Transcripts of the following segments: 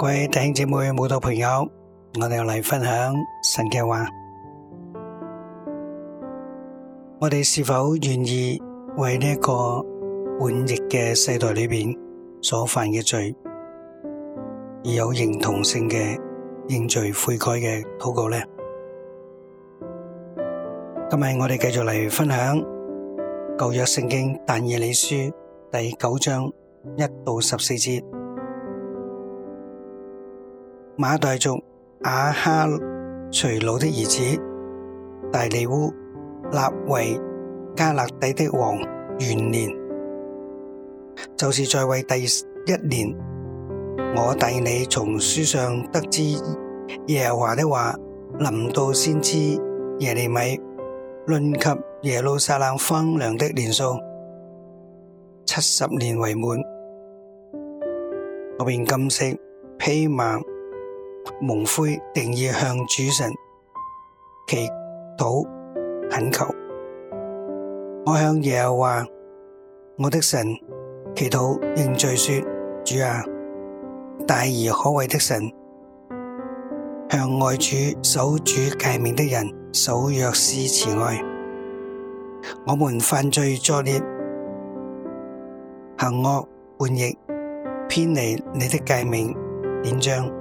各位弟兄姐妹、慕道朋友，我哋又嚟分享神嘅話。我哋是否願意為呢一個叛逆嘅世代裏邊所犯嘅罪而有認同性嘅認罪悔改嘅禱告呢？今日我哋繼續嚟分享舊約聖經但以理書第九章一到十四節。馬代族阿、啊、哈隨魯的兒子大利烏立為迦勒底的王元年，就是在位第一年。我弟你從書上得知耶和華的話臨到先知耶利米，論及耶路撒冷荒涼的年數，七十年為滿，我便禁食披麻，蒙灰，定意向主神祈禱懇求。我向耶和華我的神祈禱認罪，說：主啊，大而可畏的神，向愛主守主誡命的人守約施慈愛。我們犯罪作孽，行惡叛逆，偏離你的誡命典章。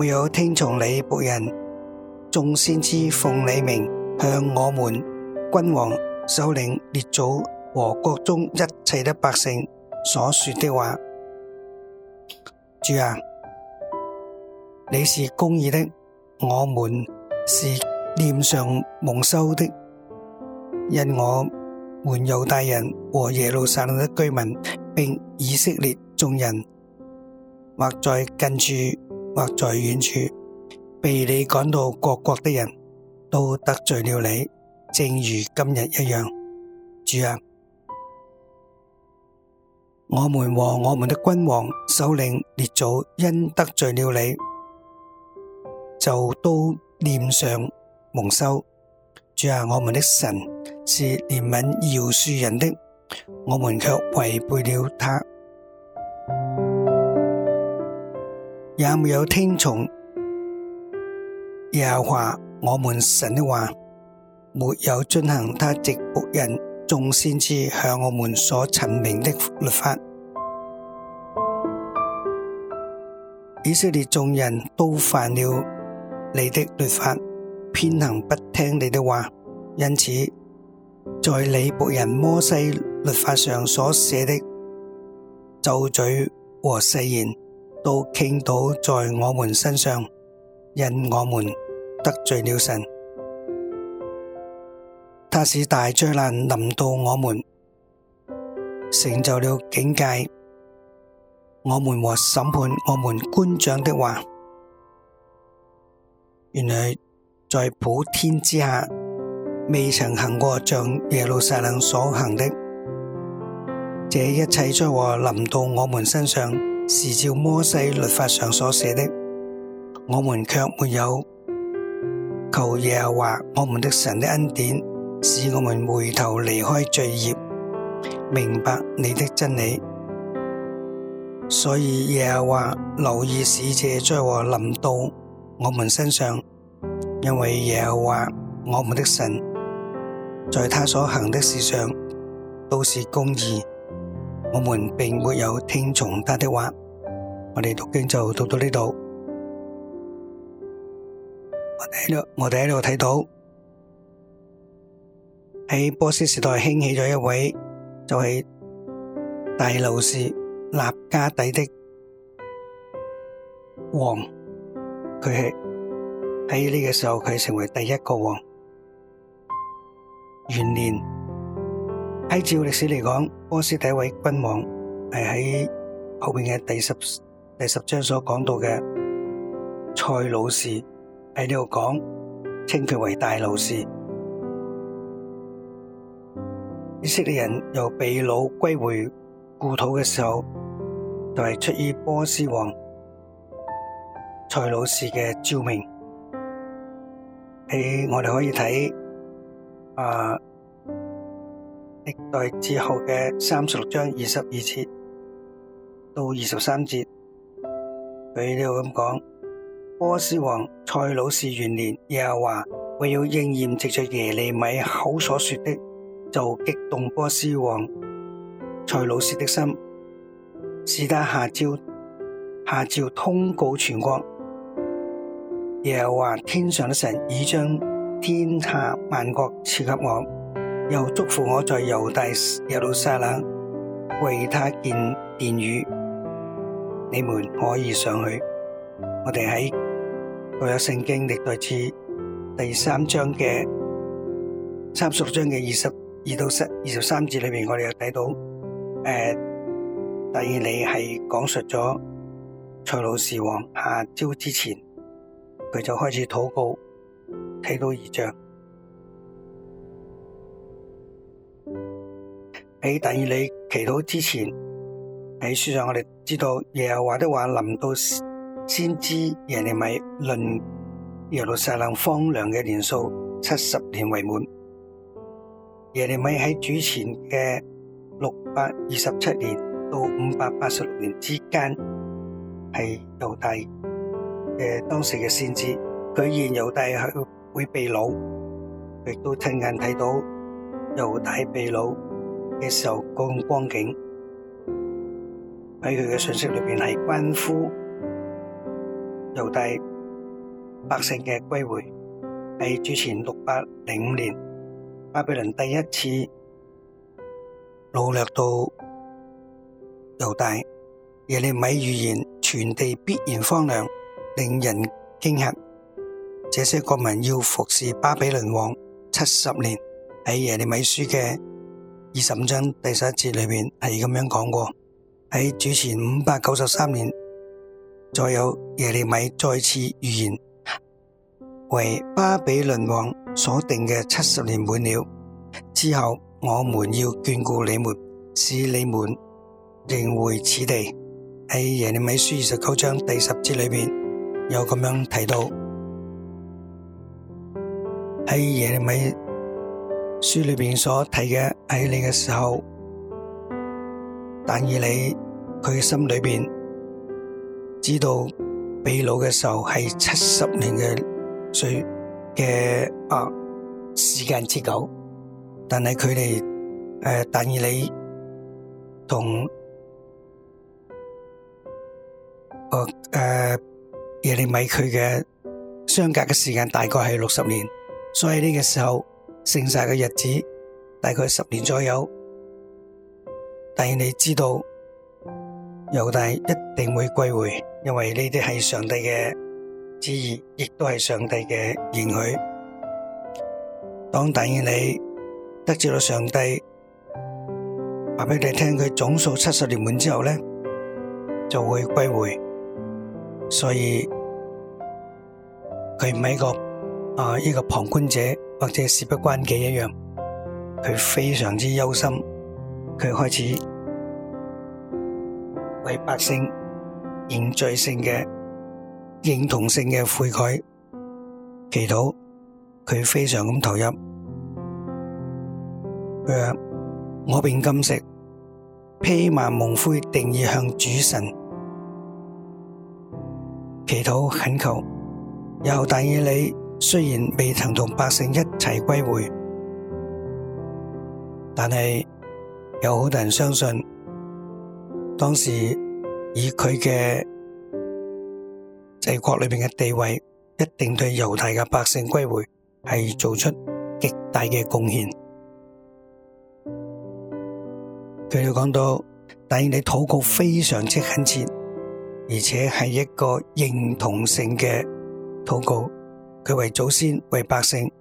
沒有聽從你僕人眾先知奉你名向我們君王、首領、列祖和國中一切的百姓所說的話。主啊，你是公義的，我們是臉上蒙羞的。因我們猶大人和耶路撒冷的居民，並以色列眾人，或在近處。或在遠處被你趕到各國的人都得罪了你，正如今日一樣，主啊，我們和我們的君王、首領、列祖因得罪了你，就都臉上蒙羞。主啊，我們的神是憐憫饒恕人的，我們却違背了他。也沒有聽從耶和華我們神的話，沒有遵行他直僕人眾先知向我們所陳明的律法。以色列眾人都犯了你的律法，偏行不聽你的話，因此在你僕人摩西律法上所寫的咒詛和誓言。都傾倒在我們身上，因我們得罪了神，他使大災難臨到我們，成就了警戒，我們和審判我們官長的話。原來在普天之下未曾行過像耶路撒冷所行的，這一切災禍臨到我們身上。是照摩西律法上所寫的，我們卻沒有求耶和華我們的神的恩典，使我們回頭離開罪孽，明白你的真理。所以耶和華留意使者災禍臨到我們身上，因為耶和華我們的神在他所行的事上都是公義，我們並沒有聽從他的話。我哋讀經就讀到呢度，我哋喺度，我哋喺度睇到喺波斯時代興起咗一位就係大路士納迦底的王，佢係喺呢個時候，佢成為第一個王元年，喺照歷史嚟講，波斯第一位君王係喺後邊嘅第十。第十章所講到嘅蔡老士喺呢度講，稱佢為大老士。以色列人由被擄歸回故土嘅時候，就係、是、出於波斯王蔡老士嘅照明。喺我哋可以睇啊，歷代志後嘅三十六章二十二節到二十三節。你就咁講，波斯王塞魯士元年，又話為了應驗藉着耶利米口所說的，就激動波斯王塞魯士的心，使他下詔下詔通告全國，又話天上的神已將天下萬國賜給我，又祝福我在猶大、耶路撒冷為他建殿宇。你們可以上去。我哋喺舊約聖經歷代志第三章嘅三十章嘅二十二到十二十三節裏面，我哋又睇到，誒、呃、第二里係講述咗蔡老士王下朝之前，佢就開始禱告，睇到異象。喺第二里祈禱之前。喺書上，我哋知道耶和華的話臨到先知耶利米，論耶路撒冷荒涼嘅年數七十年為滿。耶利米喺主前嘅六百二十七年到五百八十六年之間係猶大嘅當時嘅先知，佢見猶大去會被擄，亦都親眼睇到猶大被擄嘅時候嗰種光景。喺佢嘅信息裏邊係關乎猶大百姓嘅歸回，喺主前六百零五年巴比倫第一次擄掠到猶大，耶利米預言全地必然荒涼，令人驚嚇，這些國民要服侍巴比倫王七十年。喺耶利米書嘅二十五章第十一節裏邊係咁樣講過。喺主前五百九十三年，再有耶利米再次預言，為巴比倫王所定嘅七十年滿了之後，我們要眷顧你們，使你們仍回此地。喺耶利米書二十九章第十節裏邊，有咁樣提到，喺耶利米書裏邊所提嘅喺你嘅時候。但以理佢嘅心裏邊知道，被擄嘅時候係七十年嘅歲嘅啊時間之久，但係佢哋誒，但以理同誒誒耶利米佢嘅相隔嘅時間大概係六十年，所以呢個時候剩晒嘅日子大概十年左右。但係你知道，猶大一定會歸回，因為呢啲係上帝嘅旨意，亦都係上帝嘅應許。當等你得知咗上帝話俾你聽，佢總數七十年滿之後咧，就會歸回。所以佢唔係一個啊，呢個旁觀者或者事不關己一樣，佢非常之憂心。佢開始為百姓認罪性嘅認同性嘅悔改祈禱，佢非常咁投入。佢話：我便禁食，披麻蒙灰，定意向主神祈禱懇求。又大意，你雖然未曾同百姓一齊歸回，但係。有好多人相信，當時以佢嘅帝國裏面嘅地位，一定對猶太嘅百姓歸回係做出極大嘅貢獻。佢哋講到，但以理禱告非常之懇切，而且係一個認同性嘅禱告，佢為祖先、為百姓，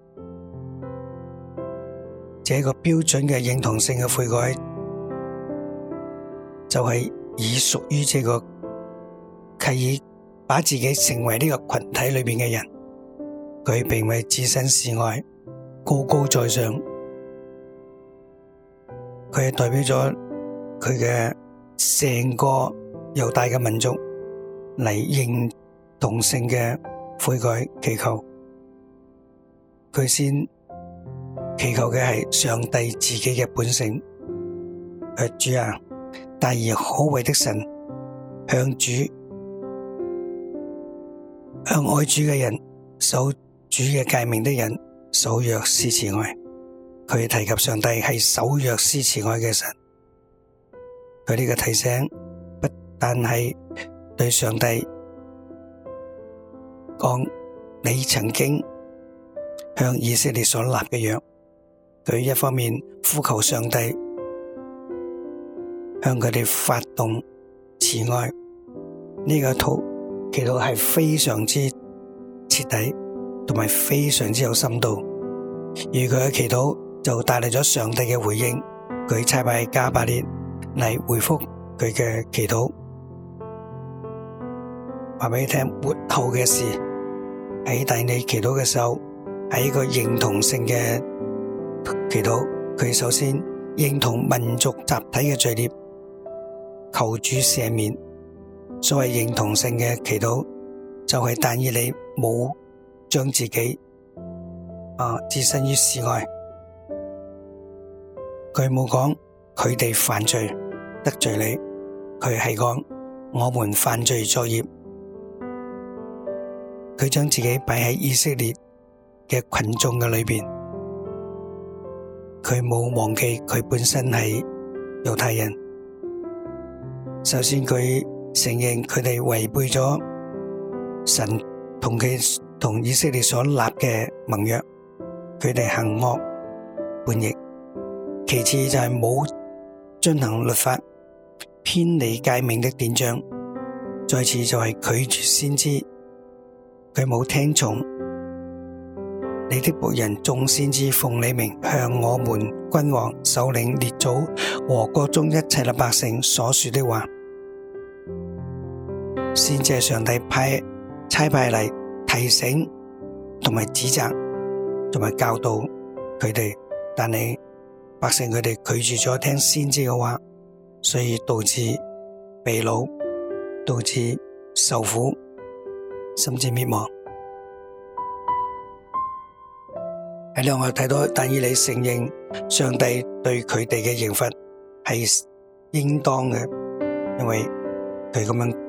這個標準嘅認同性嘅悔改。就係、是、以屬於這個，契爾把自己成為呢個群體裏邊嘅人，佢並未置身事外，高高在上，佢係代表咗佢嘅成個猶大嘅民族嚟認同性嘅悔改祈求，佢先祈求嘅係上帝自己嘅本性，誒主啊！大而可畏的神，向主、向愛主嘅人、守主嘅誡命的人，守約施慈愛。佢提及上帝係守約施慈愛嘅神。佢呢個提醒不但係對上帝講你曾經向以色列所立嘅約，佢一方面呼求上帝。向佢哋發動慈愛，呢個禱祈禱係非常之徹底，同埋非常之有深度。而佢嘅祈禱就帶嚟咗上帝嘅回應，佢差派加百列嚟回覆佢嘅祈禱，話俾你聽末後嘅事。喺帶你祈禱嘅時候，喺個認同性嘅祈禱，佢首先認同民族集體嘅罪孽。求主赦免。所謂認同性嘅祈禱就係但以理冇將自己啊，置身於事外，佢冇講佢哋犯罪得罪你，佢係講我們犯罪作孽。佢將自己擺喺以色列嘅群眾嘅裏邊，佢冇忘記佢本身係猶太人。首先佢承認佢哋違背咗神同佢同以色列所立嘅盟約，佢哋行惡叛逆。其次就係冇進行律法偏離誡命的典章。再次就係拒絕先知，佢冇聽從你的僕人眾先知奉你名向我們君王、首領、列祖和國中一切嘅百姓所說的話。先知係上帝派差派嚟，提醒同埋指責同埋教導佢哋。但係百姓佢哋拒絕咗聽先知嘅話，所以導致被擄、導致受苦，甚至滅亡。喺呢度我睇到，但以你承認上帝對佢哋嘅刑罰係應當嘅，因為佢咁樣。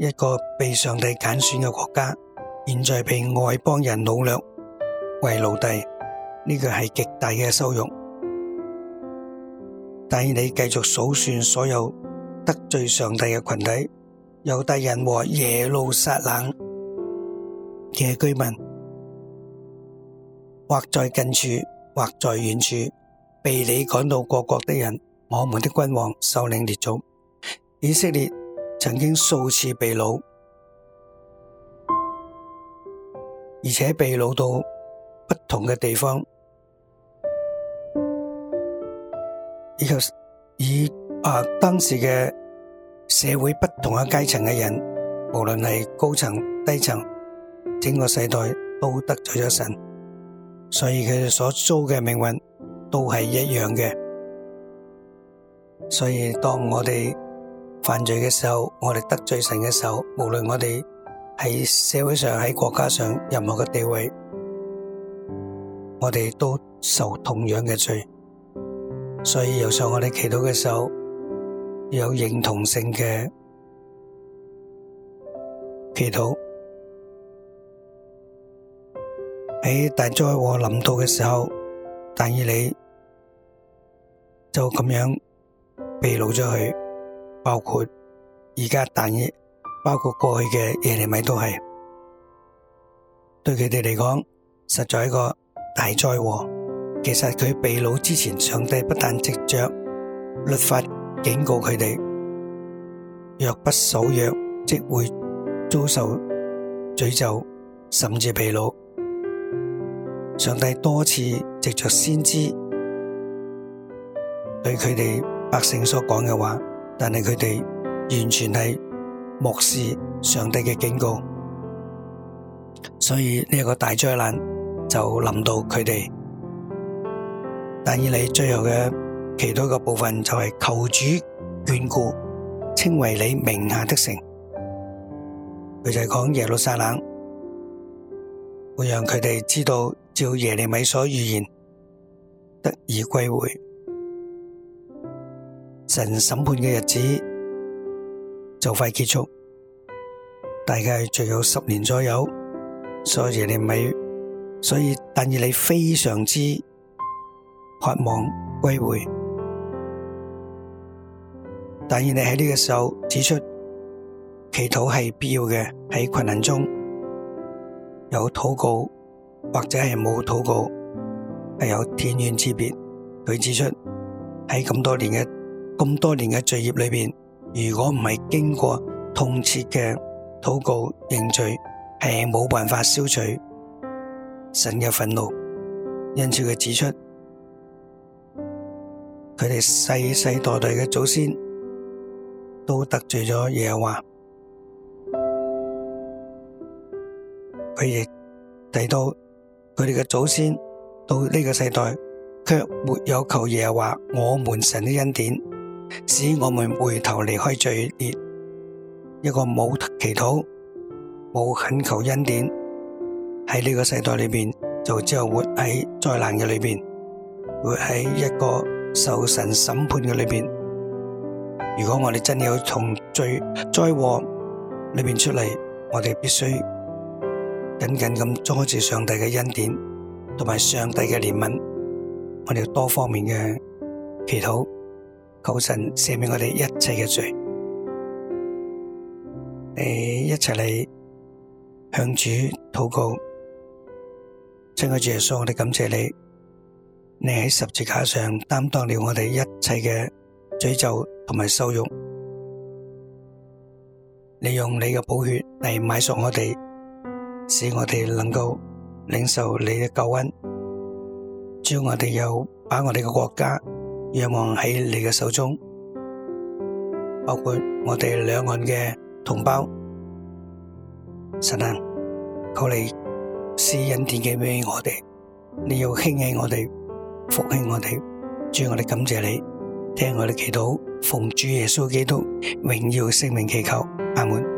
一個被上帝揀選嘅國家，現在被外邦人擄掠為奴隸，呢個係極大嘅羞辱。但係你繼續數算所有得罪上帝嘅群體，猶大人和耶路撒冷嘅居民，或在近處，或在遠處，被你趕到各國的人，我們的君王、首領、列祖，以色列。曾經數次被擄，而且被擄到不同嘅地方。呢個以啊當時嘅社會不同嘅階層嘅人，無論係高層低層，整個世代都得罪咗神，所以佢哋所遭嘅命運都係一樣嘅。所以當我哋犯罪嘅時候，我哋得罪神嘅時候，無論我哋喺社會上、喺國家上任何嘅地位，我哋都受同樣嘅罪。所以由上我哋祈禱嘅時候，要有認同性嘅祈禱。喺大災禍臨到嘅時候，但以理就咁樣被擄咗去。包括而家但亦包括過去嘅耶利米都係對佢哋嚟講，實在係一個大災禍。其實佢被擄之前，上帝不但藉着律法警告佢哋，若不守約，即會遭受詛咒，甚至被擄。上帝多次藉着先知對佢哋百姓所講嘅話。但係佢哋完全係漠視上帝嘅警告，所以呢個大災難就臨到佢哋。但以你最後嘅其他一個部分就係求主眷顧，稱為你名下的城。佢就係講耶路撒冷會讓佢哋知道，照耶利米所預言得以歸回。神審判嘅日子就快結束，大概仲有十年左右，所以耶利米，所以但願你非常之渴望歸回。但願你喺呢個時候指出，祈禱係必要嘅，喺困難中有禱告或者係冇禱告係有天淵之別。佢指出喺咁多年嘅。咁多年嘅罪孽裏邊，如果唔係經過痛切嘅禱告認罪，係冇辦法消除神嘅憤怒。因此佢指出，佢哋世世代代嘅祖先都得罪咗耶和華，佢亦提到佢哋嘅祖先到呢個世代，卻沒有求耶和華我們神的恩典。使我們回頭離開罪孽，一個冇祈禱、冇懇求恩典，喺呢個世代裏邊就只有活喺災難嘅裏邊，活喺一個受神審判嘅裏邊。如果我哋真的有從罪災禍裏邊出嚟，我哋必須緊緊咁抓住上帝嘅恩典同埋上帝嘅憐憫，我哋要多方面嘅祈禱。求神赦免我哋一切嘅罪，你一齊嚟向主禱告。親愛的主耶穌，我哋感謝你，你喺十字架上擔當了我哋一切嘅罪咒同埋羞辱，你用你嘅寶血嚟買贖我哋，使我哋能夠領受你嘅救恩，只要我哋有把我哋嘅國家，仰望喺你嘅手中，包括我哋兩岸嘅同胞，神啊，求你施恩典嘅俾我哋，你要興起我哋，復興我哋，主我哋感謝你，聽我哋祈禱，奉主耶穌基督榮耀聖名祈求，阿門。